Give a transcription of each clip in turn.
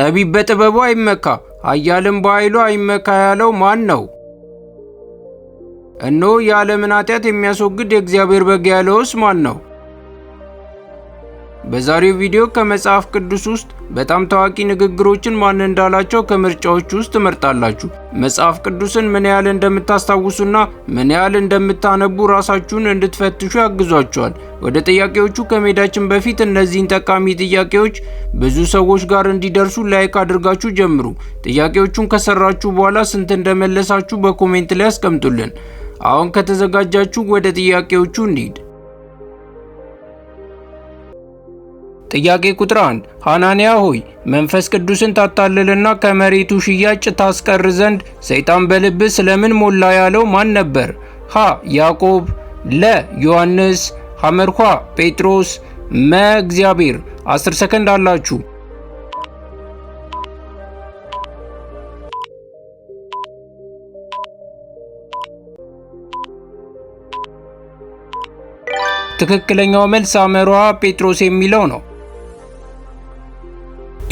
ጠቢብ በጥበቡ አይመካ አያልም በኃይሉ አይመካ ያለው ማን ነው? እነሆ የዓለምን ኃጢአት የሚያስወግድ የእግዚአብሔር በግ ያለውስ ማን ነው? በዛሬው ቪዲዮ ከመጽሐፍ ቅዱስ ውስጥ በጣም ታዋቂ ንግግሮችን ማን እንዳላቸው ከምርጫዎች ውስጥ ትመርጣላችሁ። መጽሐፍ ቅዱስን ምን ያህል እንደምታስታውሱና ምን ያህል እንደምታነቡ ራሳችሁን እንድትፈትሹ ያግዟቸዋል። ወደ ጥያቄዎቹ ከመሄዳችን በፊት እነዚህን ጠቃሚ ጥያቄዎች ብዙ ሰዎች ጋር እንዲደርሱ ላይክ አድርጋችሁ ጀምሩ። ጥያቄዎቹን ከሰራችሁ በኋላ ስንት እንደመለሳችሁ በኮሜንት ላይ አስቀምጡልን። አሁን ከተዘጋጃችሁ ወደ ጥያቄዎቹ እንሂድ። ጥያቄ ቁጥር 1 ሐናንያ ሆይ መንፈስ ቅዱስን ታታልልና ከመሬቱ ሽያጭ ታስቀር ዘንድ ሰይጣን በልብ ስለምን ሞላ ያለው ማን ነበር? ሀ ያዕቆብ፣ ለ ዮሐንስ፣ ሐመርኳ ጴጥሮስ፣ መ እግዚአብሔር። 10 ሰከንድ አላችሁ። ትክክለኛው መልስ አመሯ ጴጥሮስ የሚለው ነው።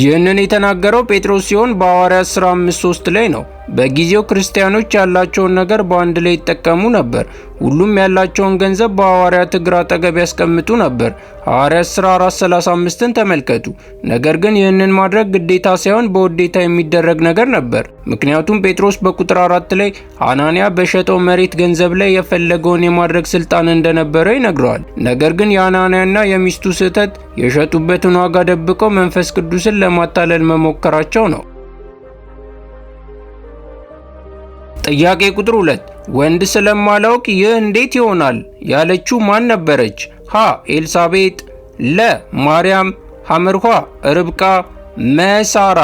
ይህንን የተናገረው ጴጥሮስ ሲሆን በሐዋርያት ሥራ 5፥3 ላይ ነው። በጊዜው ክርስቲያኖች ያላቸውን ነገር በአንድ ላይ ይጠቀሙ ነበር። ሁሉም ያላቸውን ገንዘብ በሐዋርያት እግር አጠገብ ያስቀምጡ ነበር። ሐዋርያት ሥራ 4፡35ን ተመልከቱ። ነገር ግን ይህንን ማድረግ ግዴታ ሳይሆን በውዴታ የሚደረግ ነገር ነበር። ምክንያቱም ጴጥሮስ በቁጥር 4 ላይ አናንያ በሸጠው መሬት ገንዘብ ላይ የፈለገውን የማድረግ ስልጣን እንደነበረው ይነግረዋል። ነገር ግን የአናንያና የሚስቱ ስህተት የሸጡበትን ዋጋ ደብቀው መንፈስ ቅዱስን ለማታለል መሞከራቸው ነው። ጥያቄ ቁጥር 2 ወንድ ስለማላውቅ ይህ እንዴት ይሆናል ያለችው ማን ነበረች? ሀ ኤልሳቤጥ፣ ለ ማርያም፣ ሐመርኳ ርብቃ፣ መሳራ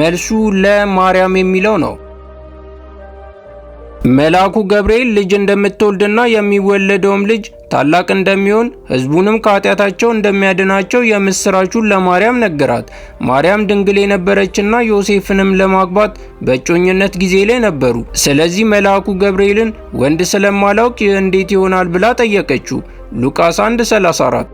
መልሱ ለማርያም የሚለው ነው። መልአኩ ገብርኤል ልጅ እንደምትወልድና የሚወለደውም ልጅ ታላቅ እንደሚሆን ሕዝቡንም ከኃጢአታቸው እንደሚያድናቸው የምስራቹን ለማርያም ነገራት። ማርያም ድንግል የነበረችና ዮሴፍንም ለማግባት በእጮኝነት ጊዜ ላይ ነበሩ። ስለዚህ መልአኩ ገብርኤልን ወንድ ስለማላውቅ እንዴት ይሆናል ብላ ጠየቀችው። ሉቃስ 1:34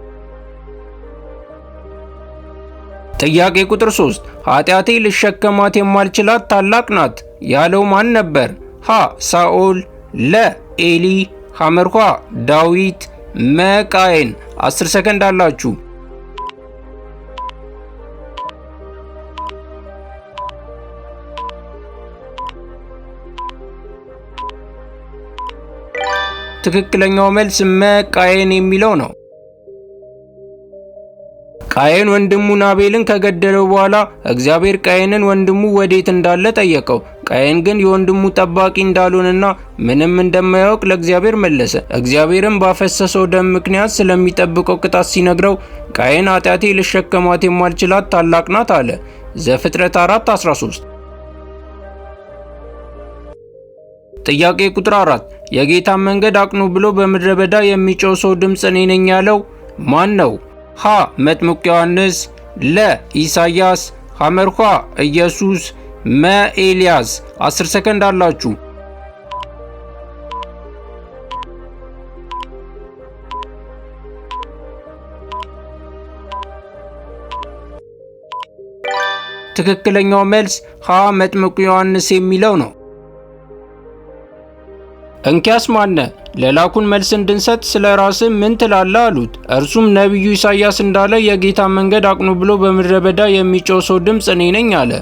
ጥያቄ ቁጥር 3 ኃጢአቴ ልሸከማት የማልችላት ታላቅ ናት ያለው ማን ነበር? ሀ ሳኦል፣ ለ ኤሊ፣ ሐመርኳ ዳዊት፣ መቃይን 10 ሰከንድ አላችሁ። ትክክለኛው መልስ መቃየን የሚለው ነው። ቃየን ወንድሙን አቤልን ከገደለው በኋላ እግዚአብሔር ቃየንን ወንድሙ ወዴት እንዳለ ጠየቀው። ቃየን ግን የወንድሙ ጠባቂ እንዳልሆነና ምንም እንደማያውቅ ለእግዚአብሔር መለሰ። እግዚአብሔርም ባፈሰሰው ደም ምክንያት ስለሚጠብቀው ቅጣት ሲነግረው ቃየን ኃጢአቴ ልሸከማት የማልችላት ታላቅ ናት አለ። ዘፍጥረት 4:13 ጥያቄ ቁጥር 4 የጌታን መንገድ አቅኑ ብሎ በምድረ በዳ የሚጮው ሰው ድምፅ እኔ ነኝ ያለው ማን ነው? ሀ መጥምቁ ዮሐንስ፣ ለ ኢሳያስ፣ ሐመርኳ ኢየሱስ፣ መ ኤልያስ። 10 ሰከንድ አላችሁ። ትክክለኛው መልስ ሀ መጥምቁ ዮሐንስ የሚለው ነው። እንኪያስ ማነ ለላኩን መልስ እንድንሰጥ ስለ ራስህ ምን ትላለህ አሉት። እርሱም ነቢዩ ኢሳይያስ እንዳለ የጌታ መንገድ አቅኑ ብሎ በምድረ በዳ የሚጮው ሰው ድምፅ እኔ ነኝ አለ።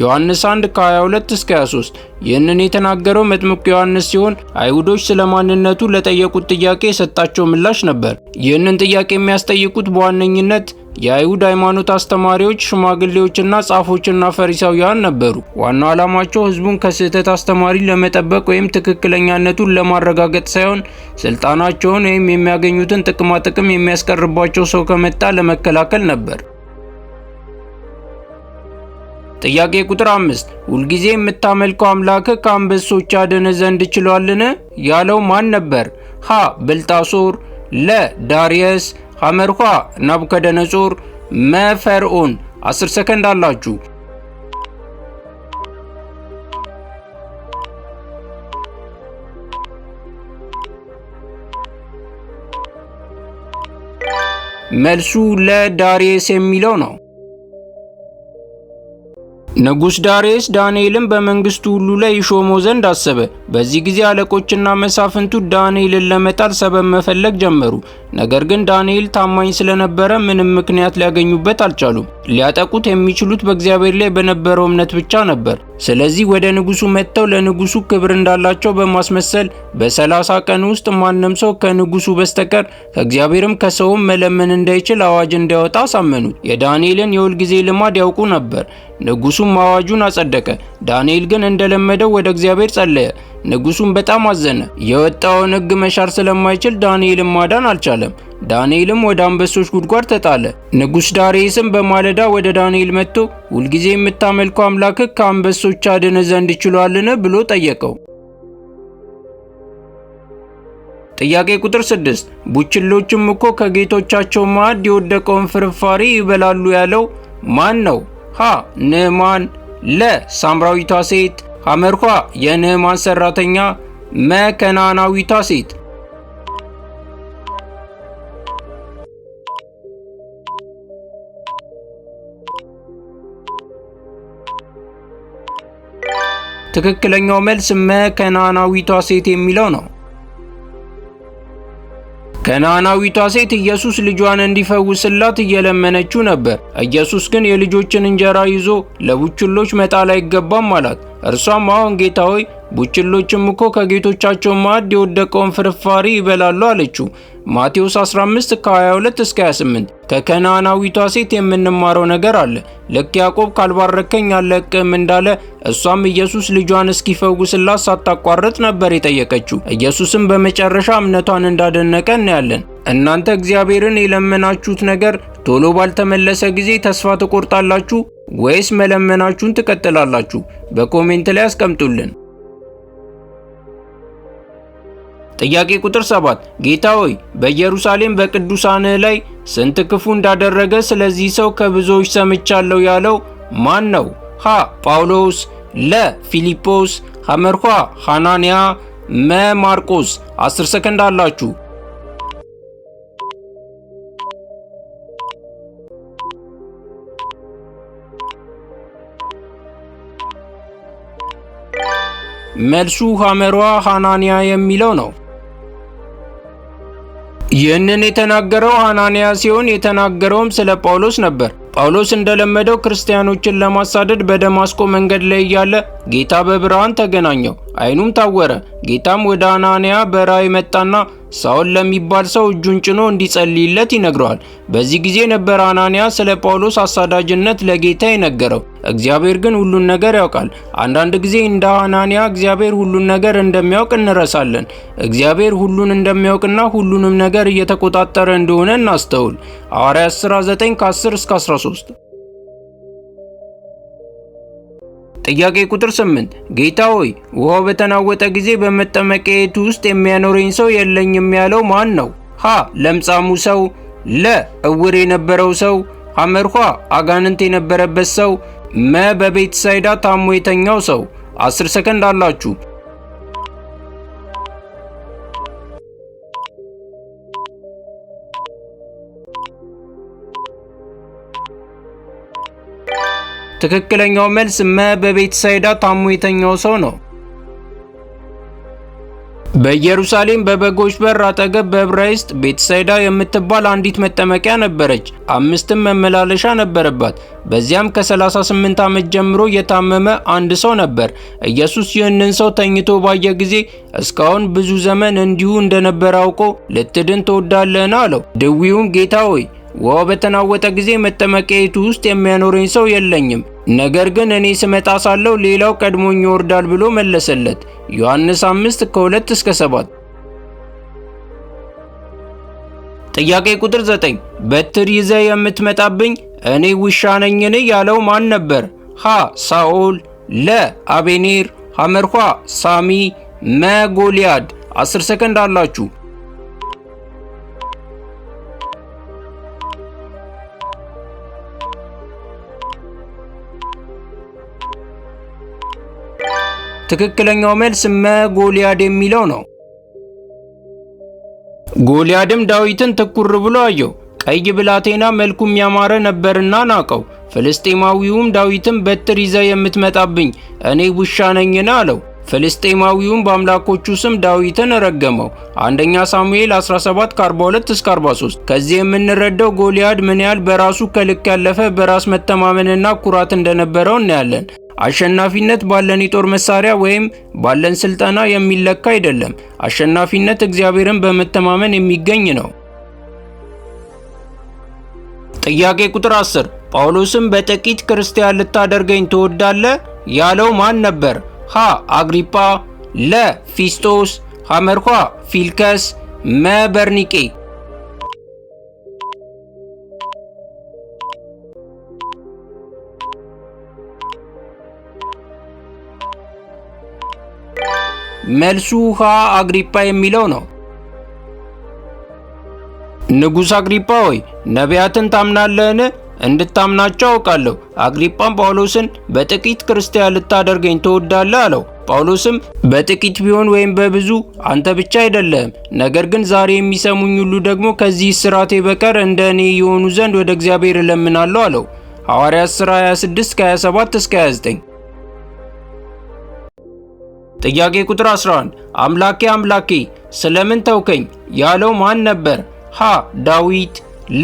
ዮሐንስ 1 ከ22 እስከ 23። ይህንን የተናገረው መጥምቁ ዮሐንስ ሲሆን አይሁዶች ስለ ማንነቱ ለጠየቁት ጥያቄ የሰጣቸው ምላሽ ነበር። ይህንን ጥያቄ የሚያስጠይቁት በዋነኝነት የአይሁድ ሃይማኖት አስተማሪዎች ሽማግሌዎችና ጻፎችና ፈሪሳውያን ነበሩ። ዋናው ዓላማቸው ህዝቡን ከስህተት አስተማሪ ለመጠበቅ ወይም ትክክለኛነቱን ለማረጋገጥ ሳይሆን ስልጣናቸውን ወይም የሚያገኙትን ጥቅማጥቅም የሚያስቀርባቸው ሰው ከመጣ ለመከላከል ነበር። ጥያቄ ቁጥር አምስት ሁልጊዜ የምታመልከው አምላክህ ከአንበሶች ያድን ዘንድ ችሏልን? ያለው ማን ነበር? ሀ ብልጣሶር፣ ለ ዳርየስ፣ ሐመርኳ ናቡከደነጾር መፈርዖን 10 ሰከንድ አላችሁ። መልሱ ለዳሬስ የሚለው ነው። ንጉሥ ዳርዮስ ዳንኤልን በመንግስቱ ሁሉ ላይ ይሾመው ዘንድ አሰበ። በዚህ ጊዜ አለቆችና መሳፍንቱ ዳንኤልን ለመጣል ሰበብ መፈለግ ጀመሩ። ነገር ግን ዳንኤል ታማኝ ስለነበረ ምንም ምክንያት ሊያገኙበት አልቻሉም። ሊያጠቁት የሚችሉት በእግዚአብሔር ላይ በነበረው እምነት ብቻ ነበር። ስለዚህ ወደ ንጉሱ መጥተው ለንጉሱ ክብር እንዳላቸው በማስመሰል በሰላሳ ቀን ውስጥ ማንም ሰው ከንጉሱ በስተቀር ከእግዚአብሔርም ከሰውም መለመን እንዳይችል አዋጅ እንዲያወጣ አሳመኑት። የዳንኤልን የሁልጊዜ ልማድ ያውቁ ነበር። ንጉሱም ንጉሱም አዋጁን አጸደቀ። ዳንኤል ግን እንደለመደው ወደ እግዚአብሔር ጸለየ። ንጉሱም በጣም አዘነ። የወጣውን ሕግ መሻር ስለማይችል ዳንኤል ማዳን አልቻለም። ዳንኤልም ወደ አንበሶች ጉድጓድ ተጣለ። ንጉስ ዳርዮስም በማለዳ ወደ ዳንኤል መጥቶ ሁልጊዜ የምታመልከው አምላክ ከአንበሶች አድነ ዘንድ ችሏልን ብሎ ጠየቀው። ጥያቄ ቁጥር 6 ቡችሎችም እኮ ከጌቶቻቸው ማዕድ የወደቀውን ፍርፋሪ ይበላሉ ያለው ማን ነው? ሀ ንዕማን፣ ለ ሳምራዊቷ ሴት፣ ሐመርኳ የንዕማን ሰራተኛ፣ መ ከነዓናዊቷ ሴት። ትክክለኛው መልስ መ ከነዓናዊቷ ሴት የሚለው ነው። ከነዓናዊቷ ሴት ኢየሱስ ልጇን እንዲፈውስላት እየለመነችው ነበር። ኢየሱስ ግን የልጆችን እንጀራ ይዞ ለቡችሎች መጣል አይገባም አላት። እርሷም አሁን ጌታ ሆይ ቡችሎችም እኮ ከጌቶቻቸው ማዕድ የወደቀውን ፍርፋሪ ይበላሉ አለችው። ማቴዎስ 15 ከ22 እስከ 28። ከከናናዊቷ ሴት የምንማረው ነገር አለ። ልክ ያዕቆብ ካልባረከኝ አለቅም እንዳለ እሷም ኢየሱስ ልጇን እስኪፈውስላት ሳታቋርጥ ነበር የጠየቀችው። ኢየሱስም በመጨረሻ እምነቷን እንዳደነቀ እናያለን። እናንተ እግዚአብሔርን የለመናችሁት ነገር ቶሎ ባልተመለሰ ጊዜ ተስፋ ትቆርጣላችሁ ወይስ መለመናችሁን ትቀጥላላችሁ? በኮሜንት ላይ አስቀምጡልን። ጥያቄ ቁጥር 7 ጌታ ሆይ በኢየሩሳሌም በቅዱሳን ላይ ስንት ክፉ እንዳደረገ ስለዚህ ሰው ከብዙዎች ሰምቻለሁ ያለው ማን ነው? ሀ ጳውሎስ፣ ለ ፊሊጶስ፣ ሐመርኳ ሐናንያ፣ መ ማርቆስ። 10 ሰከንድ አላችሁ። መልሱ ሐመሯ ሐናንያ የሚለው ነው። ይህንን የተናገረው ሐናንያ ሲሆን የተናገረውም ስለ ጳውሎስ ነበር። ጳውሎስ እንደለመደው ክርስቲያኖችን ለማሳደድ በደማስቆ መንገድ ላይ እያለ ጌታ በብርሃን ተገናኘው፣ ዓይኑም ታወረ። ጌታም ወደ ሐናንያ በራእይ መጣና ሳውል ለሚባል ሰው እጁን ጭኖ እንዲጸልይለት ይነግረዋል። በዚህ ጊዜ ነበር አናንያ ስለ ጳውሎስ አሳዳጅነት ለጌታ የነገረው። እግዚአብሔር ግን ሁሉን ነገር ያውቃል። አንዳንድ ጊዜ እንደ አናንያ እግዚአብሔር ሁሉን ነገር እንደሚያውቅ እንረሳለን። እግዚአብሔር ሁሉን እንደሚያውቅና ሁሉንም ነገር እየተቆጣጠረ እንደሆነ እናስተውል። ሐዋርያት ሥራ ከ10 እስከ 13 ጥያቄ ቁጥር 8 ጌታ ሆይ ውሃው በተናወጠ ጊዜ በመጠመቂያዪቱ ውስጥ የሚያኖረኝ ሰው የለኝም ያለው ማን ነው? ሀ ለምጻሙ ሰው፣ ለ እውር የነበረው ሰው፣ ሐመርኋ አጋንንት የነበረበት ሰው፣ መ በቤት ሳይዳ ታሞ የተኛው ሰው። 10 ሰከንድ አላችሁ። ትክክለኛው መልስ መ በቤትሳይዳ ታሞ የተኛው ሰው ነው። በኢየሩሳሌም በበጎች በር አጠገብ በዕብራይስጥ ቤትሳይዳ የምትባል አንዲት መጠመቂያ ነበረች። አምስትም መመላለሻ ነበረባት። በዚያም ከ38 ዓመት ጀምሮ የታመመ አንድ ሰው ነበር። ኢየሱስ ይህንን ሰው ተኝቶ ባየ ጊዜ እስካሁን ብዙ ዘመን እንዲሁ እንደነበረ አውቆ ልትድን ትወዳለህን? አለው። ድዊውም ጌታ ሆይ ውሃ በተናወጠ ጊዜ መጠመቂያይቱ ውስጥ የሚያኖረኝ ሰው የለኝም፣ ነገር ግን እኔ ስመጣ ሳለው ሌላው ቀድሞኝ ይወርዳል ብሎ መለሰለት። ዮሐንስ 5 ከ2 እስከ 7። ጥያቄ ቁጥር 9 በትር ይዘ የምትመጣብኝ እኔ ውሻ ነኝን ያለው ማን ነበር? ሀ ሳኦል፣ ለ አቤኔር፣ ሐመርኳ ሳሚ፣ መ ጎልያድ። 10 ሰከንድ አላችሁ። ትክክለኛው መልስ መጎልያድ የሚለው ነው። ጎልያድም ዳዊትን ትኩር ብሎ አየው፣ ቀይ ብላቴና መልኩም ያማረ ነበርና ናቀው። ፍልስጤማዊውም ዳዊትን በትር ይዘ የምትመጣብኝ እኔ ውሻ ነኝን? አለው። ፍልስጤማዊውም በአምላኮቹ ስም ዳዊትን ረገመው። አንደኛ ሳሙኤል 17:42-43 ከዚህ የምንረዳው ጎልያድ ምን ያህል በራሱ ከልክ ያለፈ በራስ መተማመንና ኩራት እንደነበረው እናያለን። አሸናፊነት ባለን የጦር መሳሪያ ወይም ባለን ስልጠና የሚለካ አይደለም። አሸናፊነት እግዚአብሔርን በመተማመን የሚገኝ ነው። ጥያቄ ቁጥር 10 ጳውሎስም በጥቂት ክርስቲያን ልታደርገኝ ትወዳለ ያለው ማን ነበር? ሀ አግሪጳ፣ ለ ፊስጦስ፣ ሐመርኳ ፊልከስ፣ መ በርኒቄ መልሱ ውሃ አግሪጳ የሚለው ነው። ንጉሥ አግሪጳ ሆይ ነቢያትን ታምናለህን? እንድታምናቸው አውቃለሁ። አግሪጳም ጳውሎስን በጥቂት ክርስቲያን ልታደርገኝ ትወዳለህ አለው። ጳውሎስም በጥቂት ቢሆን ወይም በብዙ አንተ ብቻ አይደለም፣ ነገር ግን ዛሬ የሚሰሙኝ ሁሉ ደግሞ ከዚህ እስራቴ በቀር እንደ እኔ የሆኑ ዘንድ ወደ እግዚአብሔር እለምናለሁ አለው። ሐዋርያት ሥራ 26 ከ27 እስከ 29 ጥያቄ ቁጥር 11 አምላኬ አምላኬ ስለምን ተውከኝ ያለው ማን ነበር? ሀ ዳዊት፣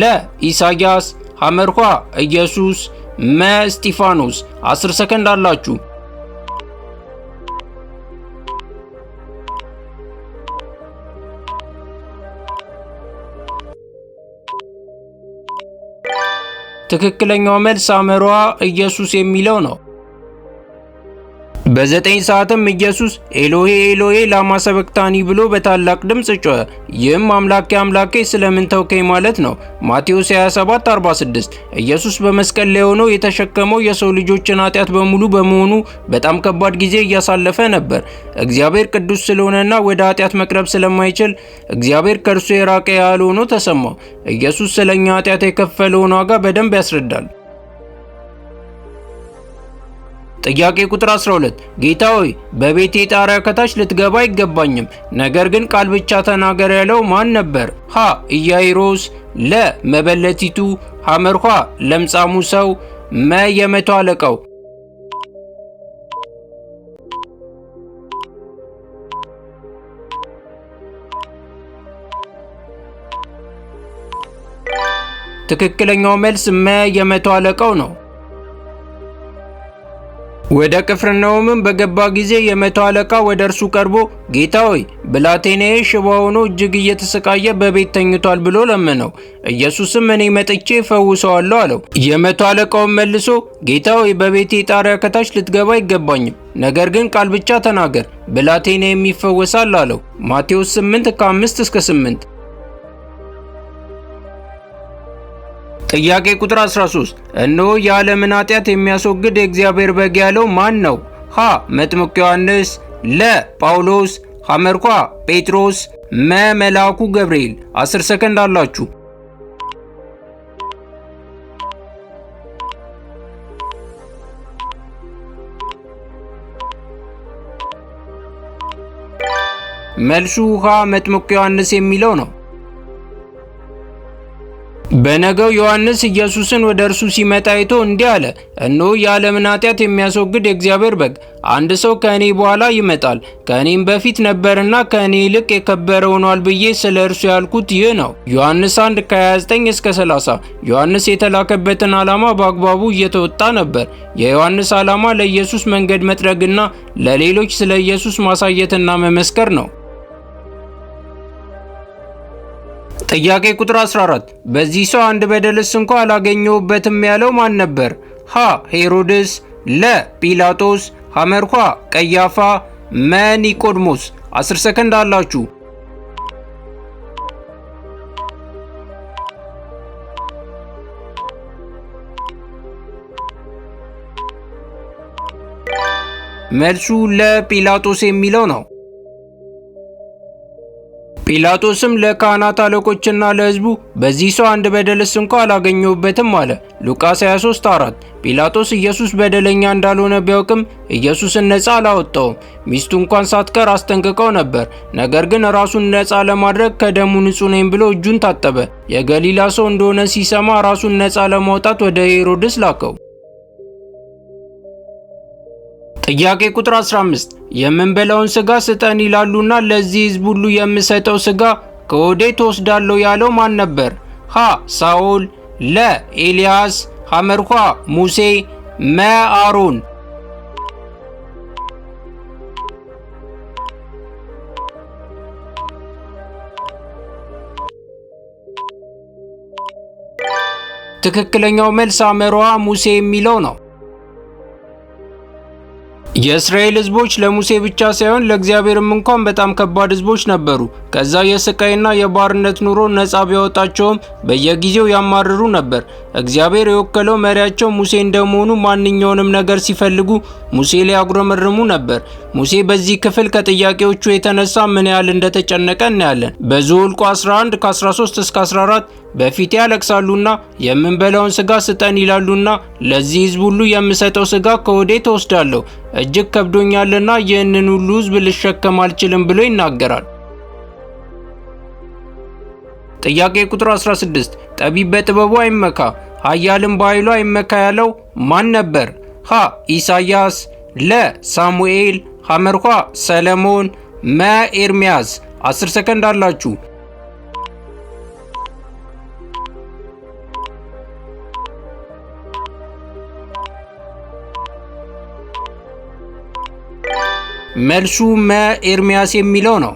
ለ ኢሳያስ፣ ሐመርኳ ኢየሱስ፣ መ እስጢፋኖስ። 10 ሰከንድ አላችሁ። ትክክለኛው መልስ አመሯ ኢየሱስ የሚለው ነው። በዘጠኝ ሰዓትም ኢየሱስ ኤሎሄ ኤሎሄ ላማ ሰበክታኒ ብሎ በታላቅ ድምፅ ጮኸ። ይህም አምላኬ አምላኬ ስለምን ተውከኝ ማለት ነው። ማቴዎስ 27:46 ኢየሱስ በመስቀል ላይ ሆኖ የተሸከመው የሰው ልጆችን ኃጢአት በሙሉ በመሆኑ በጣም ከባድ ጊዜ እያሳለፈ ነበር። እግዚአብሔር ቅዱስ ስለሆነና ወደ ኃጢአት መቅረብ ስለማይችል እግዚአብሔር ከእርሱ የራቀ ያህል ሆኖ ተሰማው። ኢየሱስ ስለኛ ኃጢአት የከፈለውን ዋጋ በደንብ ያስረዳል። ጥያቄ ቁጥር 12 ጌታ ሆይ በቤቴ ጣሪያ ከታች ልትገባ አይገባኝም፣ ነገር ግን ቃል ብቻ ተናገር ያለው ማን ነበር? ሀ ኢያይሮስ፣ ለ መበለቲቱ፣ ሐመርኳ ለምጻሙ ሰው፣ መ የመቶ አለቃው። ትክክለኛው መልስ መ የመቶ አለቃው ነው። ወደ ቅፍርናሆምም በገባ ጊዜ የመቶ አለቃ ወደ እርሱ ቀርቦ ጌታ ሆይ ብላቴናዬ ሽባ ሆኖ እጅግ እየተሰቃየ በቤት ተኝቷል ብሎ ለመነው። ኢየሱስም እኔ መጥቼ ፈውሰዋለሁ አለው። የመቶ አለቃውም መልሶ ጌታ ሆይ በቤቴ ጣሪያ ከታች ልትገባ አይገባኝም፣ ነገር ግን ቃል ብቻ ተናገር ብላቴናዬም ይፈወሳል አለው። ማቴዎስ 8 ከ5 እስከ 8 ጥያቄ ቁጥር 13 እነሆ የዓለምን ኃጢአት የሚያስወግድ የእግዚአብሔር በግ ያለው ማን ነው? ሀ መጥምቅ ዮሐንስ፣ ለ ጳውሎስ፣ ሐመርኳ ጴጥሮስ፣ መ መልአኩ ገብርኤል። 10 ሰከንድ አላችሁ። መልሱ ሃ መጥምቅ ዮሐንስ የሚለው ነው። በነገው ዮሐንስ ኢየሱስን ወደ እርሱ ሲመጣ አይቶ እንዲህ አለ፣ እነሆ የዓለምን ኃጢአት የሚያስወግድ የእግዚአብሔር በግ። አንድ ሰው ከእኔ በኋላ ይመጣል፣ ከእኔም በፊት ነበርና ከእኔ ይልቅ የከበረ ሆኗል ብዬ ስለ እርሱ ያልኩት ይህ ነው። ዮሐንስ 1 ከ29 እስከ 30። ዮሐንስ የተላከበትን ዓላማ በአግባቡ እየተወጣ ነበር። የዮሐንስ ዓላማ ለኢየሱስ መንገድ መጥረግና ለሌሎች ስለ ኢየሱስ ማሳየትና መመስከር ነው። ጥያቄ ቁጥር 14 በዚህ ሰው አንድ በደልስ እንኳ አላገኘሁበትም ያለው ማን ነበር? ሀ ሄሮድስ፣ ለ ጲላጦስ፣ ሐመርኳ ቀያፋ፣ መ ኒቆድሞስ። 10 ሰከንድ አላችሁ። መልሱ ለጲላጦስ የሚለው ነው። ጲላጦስም ለካህናት አለቆችና ለሕዝቡ በዚህ ሰው አንድ በደልስ እንኳ አላገኘሁበትም አለ። ሉቃስ 4 ጲላጦስ ኢየሱስ በደለኛ እንዳልሆነ ቢያውቅም ኢየሱስን ነፃ አላወጣውም። ሚስቱ እንኳን ሳትቀር አስጠንቅቀው ነበር። ነገር ግን ራሱን ነፃ ለማድረግ ከደሙ ንጹህ ነኝ ብሎ እጁን ታጠበ። የገሊላ ሰው እንደሆነ ሲሰማ ራሱን ነፃ ለማውጣት ወደ ሄሮድስ ላከው። ጥያቄ ቁጥር 15 የምንበላውን ስጋ ስጠን ይላሉና ለዚህ ህዝብ ሁሉ የምሰጠው ስጋ ከወዴት ወስዳለሁ ያለው ማን ነበር? ሀ ሳኦል፣ ለ ኤልያስ፣ ሐመርኳ ሙሴ፣ መ አሮን። ትክክለኛው መልስ አመሯ ሙሴ የሚለው ነው። የእስራኤል ህዝቦች ለሙሴ ብቻ ሳይሆን ለእግዚአብሔርም እንኳን በጣም ከባድ ህዝቦች ነበሩ። ከዛ የስቃይና የባርነት ኑሮ ነጻ ቢያወጣቸውም በየጊዜው ያማርሩ ነበር። እግዚአብሔር የወከለው መሪያቸው ሙሴ እንደመሆኑ ማንኛውንም ነገር ሲፈልጉ ሙሴ ሊያጉረመርሙ ነበር። ሙሴ በዚህ ክፍል ከጥያቄዎቹ የተነሳ ምን ያህል እንደተጨነቀ እናያለን። በዘኍልቍ 11 ከ13 እስከ 14 በፊቴ ያለቅሳሉና የምንበላውን ስጋ ስጠን ይላሉና ለዚህ ሕዝብ ሁሉ የምሰጠው ስጋ ከወዴት ተወስዳለሁ? እጅግ ከብዶኛልና ይህንን ሁሉ ሕዝብ ልሸከም አልችልም ብሎ ይናገራል። ጥያቄ ቁጥር 16 ጠቢብ በጥበቡ አይመካ ኃያልም በኃይሉ አይመካ ያለው ማን ነበር? ሀ ኢሳይያስ፣ ለ ሳሙኤል፣ ሐመርኳ ሰለሞን መ ኤርሚያዝ 10 ሰከንድ አላችሁ። መልሱ መ ኤርሚያስ የሚለው ነው።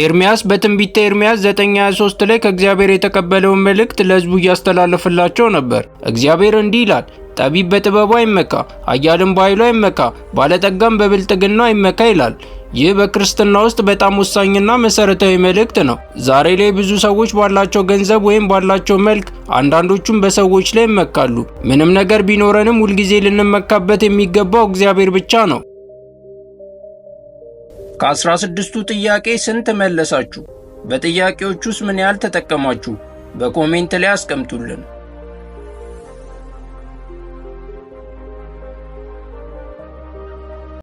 ኤርሚያስ በትንቢተ ኤርሚያስ 9:23 ላይ ከእግዚአብሔር የተቀበለውን መልእክት ለሕዝቡ እያስተላለፍላቸው ነበር። እግዚአብሔር እንዲህ ይላል፣ ጠቢብ በጥበቡ አይመካ፣ አያልም በኃይሉ አይመካ፣ ባለጠጋም በብልጥግናው አይመካ ይላል። ይህ በክርስትና ውስጥ በጣም ወሳኝና መሰረታዊ መልእክት ነው። ዛሬ ላይ ብዙ ሰዎች ባላቸው ገንዘብ ወይም ባላቸው መልክ፣ አንዳንዶቹም በሰዎች ላይ ይመካሉ። ምንም ነገር ቢኖረንም ሁልጊዜ ልንመካበት የሚገባው እግዚአብሔር ብቻ ነው። ከአስራ ስድስቱ ጥያቄ ስንት መለሳችሁ? በጥያቄዎቹስ ምን ያህል ተጠቀማችሁ? በኮሜንት ላይ አስቀምጡልን።